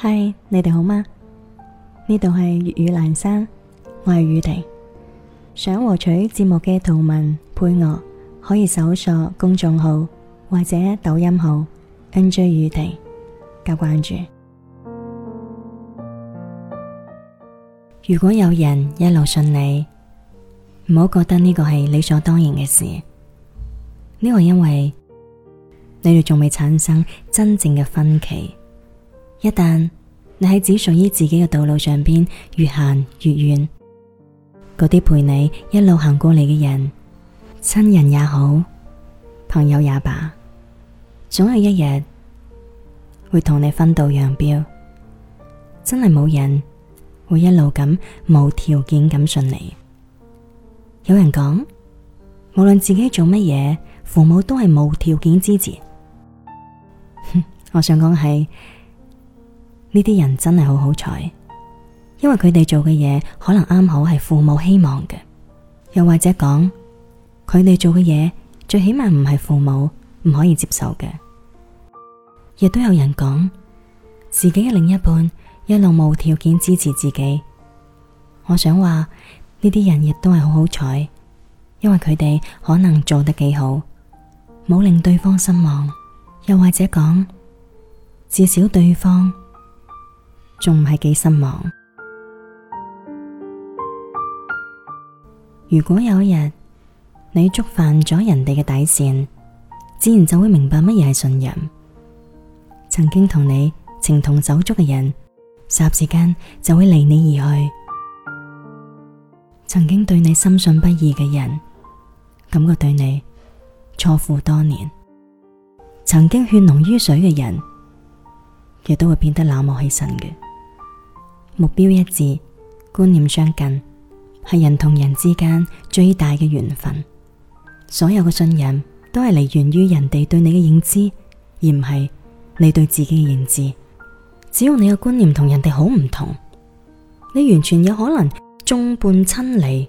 嗨，Hi，你哋好嗎？呢度係粵語蘭山，我係宇婷。想獲取節目嘅圖文配樂，可以搜索公眾號或者抖音號 NJ 宇婷加關注。如果有人一路信你，唔好覺得呢個係理所當然嘅事。呢個因為你哋仲未產生真正嘅分歧。一旦你喺只屬於自己嘅道路上邊越行越遠，嗰啲陪你一路行過嚟嘅人，親人也好，朋友也罷，總有一日會同你分道揚鑣。真係冇人會一路咁無條件咁信你。有人講，無論自己做乜嘢，父母都係無條件支持。 我想講係。呢啲人真係好好彩，因為佢哋做嘅嘢可能啱好係父母希望嘅，又或者講，佢哋做嘅嘢最起碼唔係父母唔可以接受嘅。亦都有人講，自己嘅另一半一路無條件支持自己。我想話，呢啲人亦都係好好彩，因為佢哋可能做得幾好，冇令對方失望，又或者講，至少對方。仲唔係幾失望？如果有一日你觸犯咗人哋嘅底線，自然就會明白乜嘢係信任。曾經同你情同手足嘅人，霎時間就會離你而去；曾經對你深信不疑嘅人，感覺對你錯付多年；曾經血濃於水嘅人，亦都會變得冷漠起身嘅。目標一致，觀念相近，係人同人之間最大嘅緣分。所有嘅信任都係嚟源於人哋對你嘅認知，而唔係你對自己嘅認知。只要你嘅觀念同人哋好唔同，你完全有可能眾叛親離，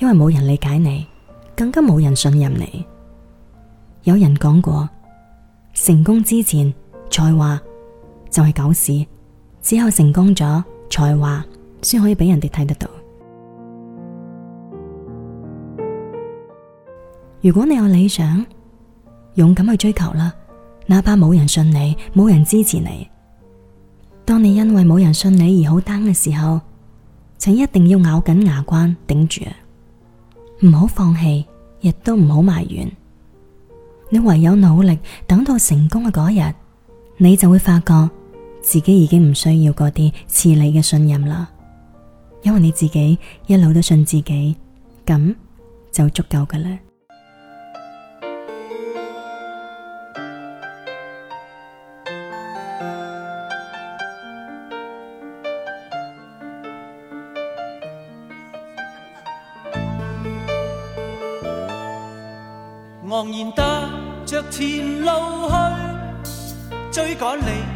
因為冇人理解你，更加冇人信任你。有人講過：成功之前，才華就係、是、狗屎。只有成功咗，才華先可以俾人哋睇得到。如果你有理想，勇敢去追求啦，哪怕冇人信你，冇人支持你。當你因為冇人信你而好 down 嘅時候，請一定要咬緊牙關頂住，唔好放棄，亦都唔好埋怨。你唯有努力，等到成功嘅嗰日，你就會發覺。自己已經唔需要嗰啲遲嚟嘅信任啦，因為你自己一路都信自己，咁就足夠噶啦、嗯。昂然踏着前路去，追趕你。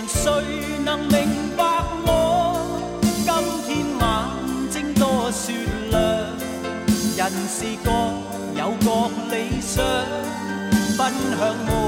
人誰能明白我？今天眼睛多雪亮，人是各有各理想，奔向我。